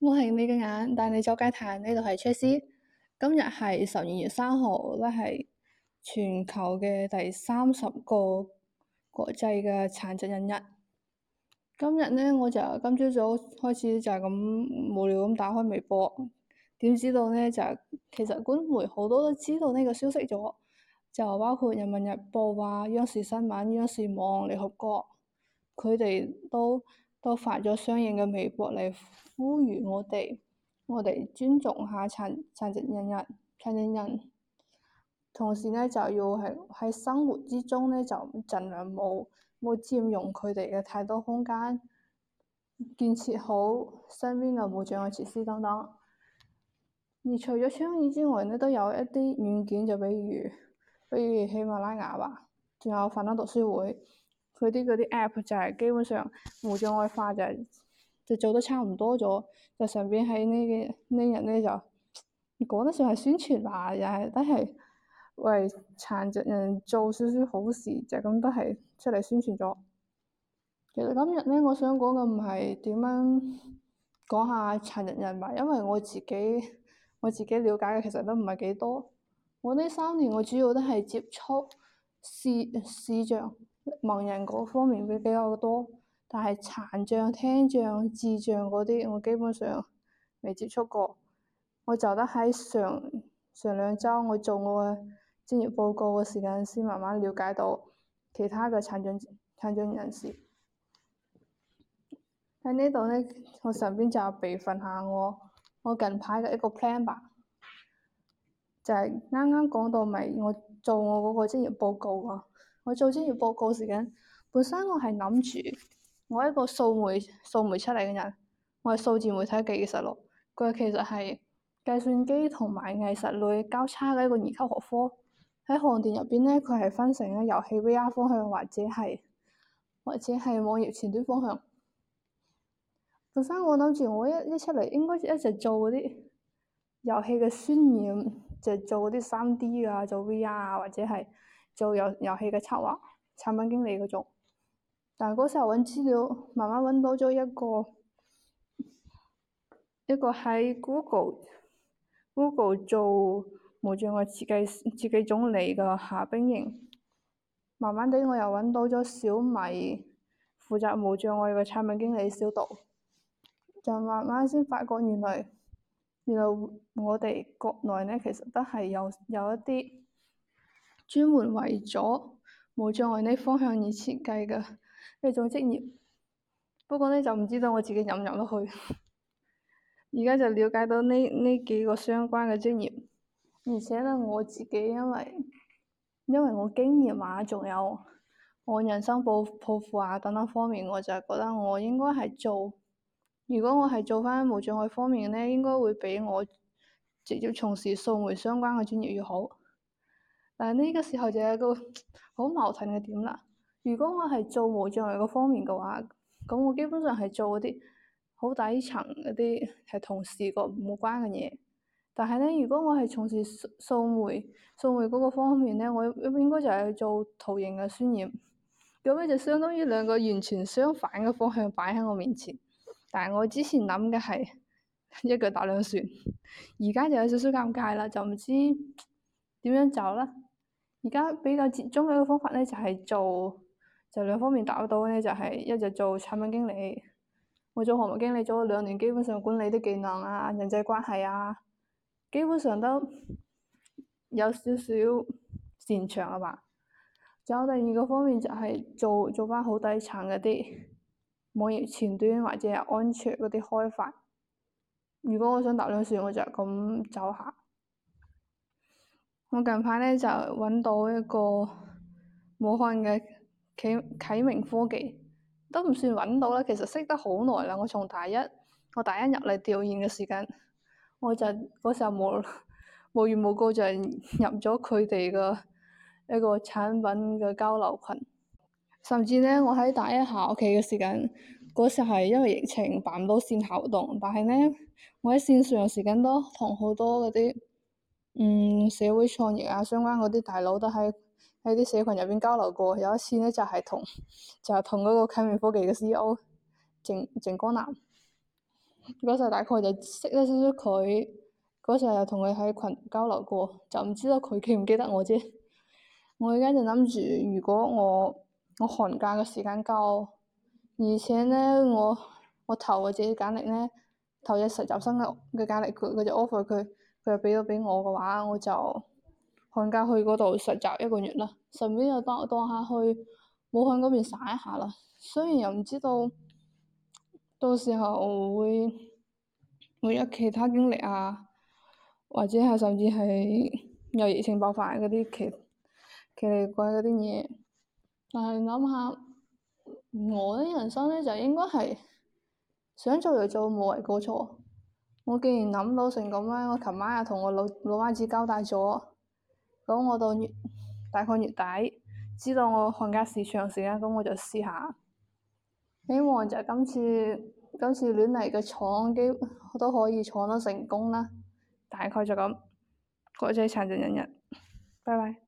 我係你嘅眼帶你走街探，呢度係 C S。今日係十二月三號，都係全球嘅第三十個國際嘅殘疾人日。今日呢，我就今朝早，早開始就係咁無聊咁打開微博，點知道呢？就其實官媒好多都知道呢個消息咗，就包括《人民日報》啊、央視新聞、央視網、聯合國，佢哋都，都發咗相應嘅微博嚟呼籲我哋，我哋尊重下殘殘疾人，人殘疾人，同時呢，就要係喺生活之中呢，就盡量冇冇佔用佢哋嘅太多空間，建設好身邊嘅無障礙設施等等。而除咗雙語之外呢都有一啲軟件，就比如比如喜馬拉雅吧，仲有樊登讀書會。佢啲嗰啲 app 就係基本上無障礙化就係、是，就做得差唔多咗，就順便喺呢幾呢日呢，這這就，講得上係宣傳吧，又係都係為殘疾人做少少好事，就咁都係出嚟宣傳咗。其實今日呢，我想講嘅唔係點樣講下殘疾人吧，因為我自己我自己瞭解嘅其實都唔係幾多，我呢三年我主要都係接觸視視障。視像盲人嗰方面會比較多，但係殘障、聽障、智障嗰啲，我基本上未接觸過。我就得喺上上兩週，我做我嘅職業報告嘅時間，先慢慢了解到其他嘅殘障殘障人士。喺呢度呢，我順便就備份下我我近排嘅一個 plan 吧，就係啱啱講到咪我做我嗰個職業報告啊！我做專業報告時間，本身我係諗住，我一個數媒數媒出嚟嘅人，我係數字媒體技術咯。佢其實係計算機同埋藝術類交叉嘅一個二級學科。喺航電入邊呢，佢係分成遊戲 VR 方向或者係，或者係網頁前端方向。本身我諗住我一一出嚟，應該一直做嗰啲遊戲嘅渲染，就係，做嗰啲三 D 啊，做 VR 啊，或者係，做游遊戲嘅策劃產品經理嗰種，但嗰時候搵資料，慢慢搵到咗一個一個喺 Google Google 做無障礙設計設計總理嘅夏冰瑩，慢慢地，我又搵到咗小米負責無障礙嘅產品經理小杜，就慢慢先發覺原來原來我哋國內呢，其實都係有有一啲。專門為咗無障礙呢方向而設計嘅呢種職業，不過咧，就唔知道我自己入唔入得去。而 家就了解到呢呢幾個相關嘅職業。而且咧，我自己因為因為我經驗啊，仲有我人生抱抱負啊等等方面，我就係覺得我應該係做。如果我係做翻無障礙方面咧，應該會比我直接從事數媒相關嘅專業要好。但係呢個時候就有個好矛盾嘅點啦。如果我係做無障礙個方面嘅話，咁我基本上係做一啲好底層嗰啲係同視覺冇關嘅嘢。但係咧，如果我係從事數媒、數媒嗰個方面咧，我一般應該就係做圖形嘅渲染。咁咧就相當於兩個完全相反嘅方向擺喺我面前。但係我之前諗嘅係一腳打兩船，而家就有少少尷尬啦，就唔知點樣走啦。而家比較集中嘅一個方法呢，就係做就兩方面達得到呢，就是，就係一就做產品經理，我做項目經理做咗兩年，基本上管理啲技能啊、人際關係啊，基本上都有少少擅長啊吧。仲有第二個方面就係做做翻好底層嗰啲網頁前端或者係安卓嗰啲開發。如果我想搭兩船，我就咁走下。我近排呢，就揾到一個武漢嘅啓啓明科技，都唔算揾到啦。其實識得好耐啦。我從大一，我大一入嚟調研嘅時間，我就嗰時候冇冇緣冇故，無無就入咗佢哋嘅一個產品嘅交流群。甚至呢，我喺大一下學期嘅時間，嗰時候係因為疫情辦唔到線下活動，但係呢，我喺線上時間都同好多嗰啲。嗯，社會創業啊，相關嗰啲大佬都喺喺啲社群入邊交流過。有一次呢，就係同，就係同嗰個啟明科技嘅 CEO 鄭鄭江南，嗰時候大概就識得少少佢，嗰時候又同佢喺群交流過，就唔知道佢記唔記得我啫。我而家就諗住，如果我我寒假嘅時間夠，而且呢，我我投我自己簡歷呢，投嘅實習生嘅嘅簡歷，佢佢就 offer 佢。佢畀咗畀我嘅話，我就寒假去嗰度實習一個月啦，順便又當當下去武漢嗰邊耍一下啦。雖然又唔知道到時候會會有其他經歷啊，或者係甚至係有疫情爆發嗰啲奇奇怪怪嗰啲嘢，但係諗下我啲人生呢，就應該係想做就做，冇謂過錯。我既然諗到成咁啦！我琴晚又同我老老媽子交代咗，咁我到大概月底，知道我寒假時長時間，咁我就試下，希望就今次今次亂嚟嘅闖都可以闖得成功啦！大概就咁，國際殘疾人日，拜拜。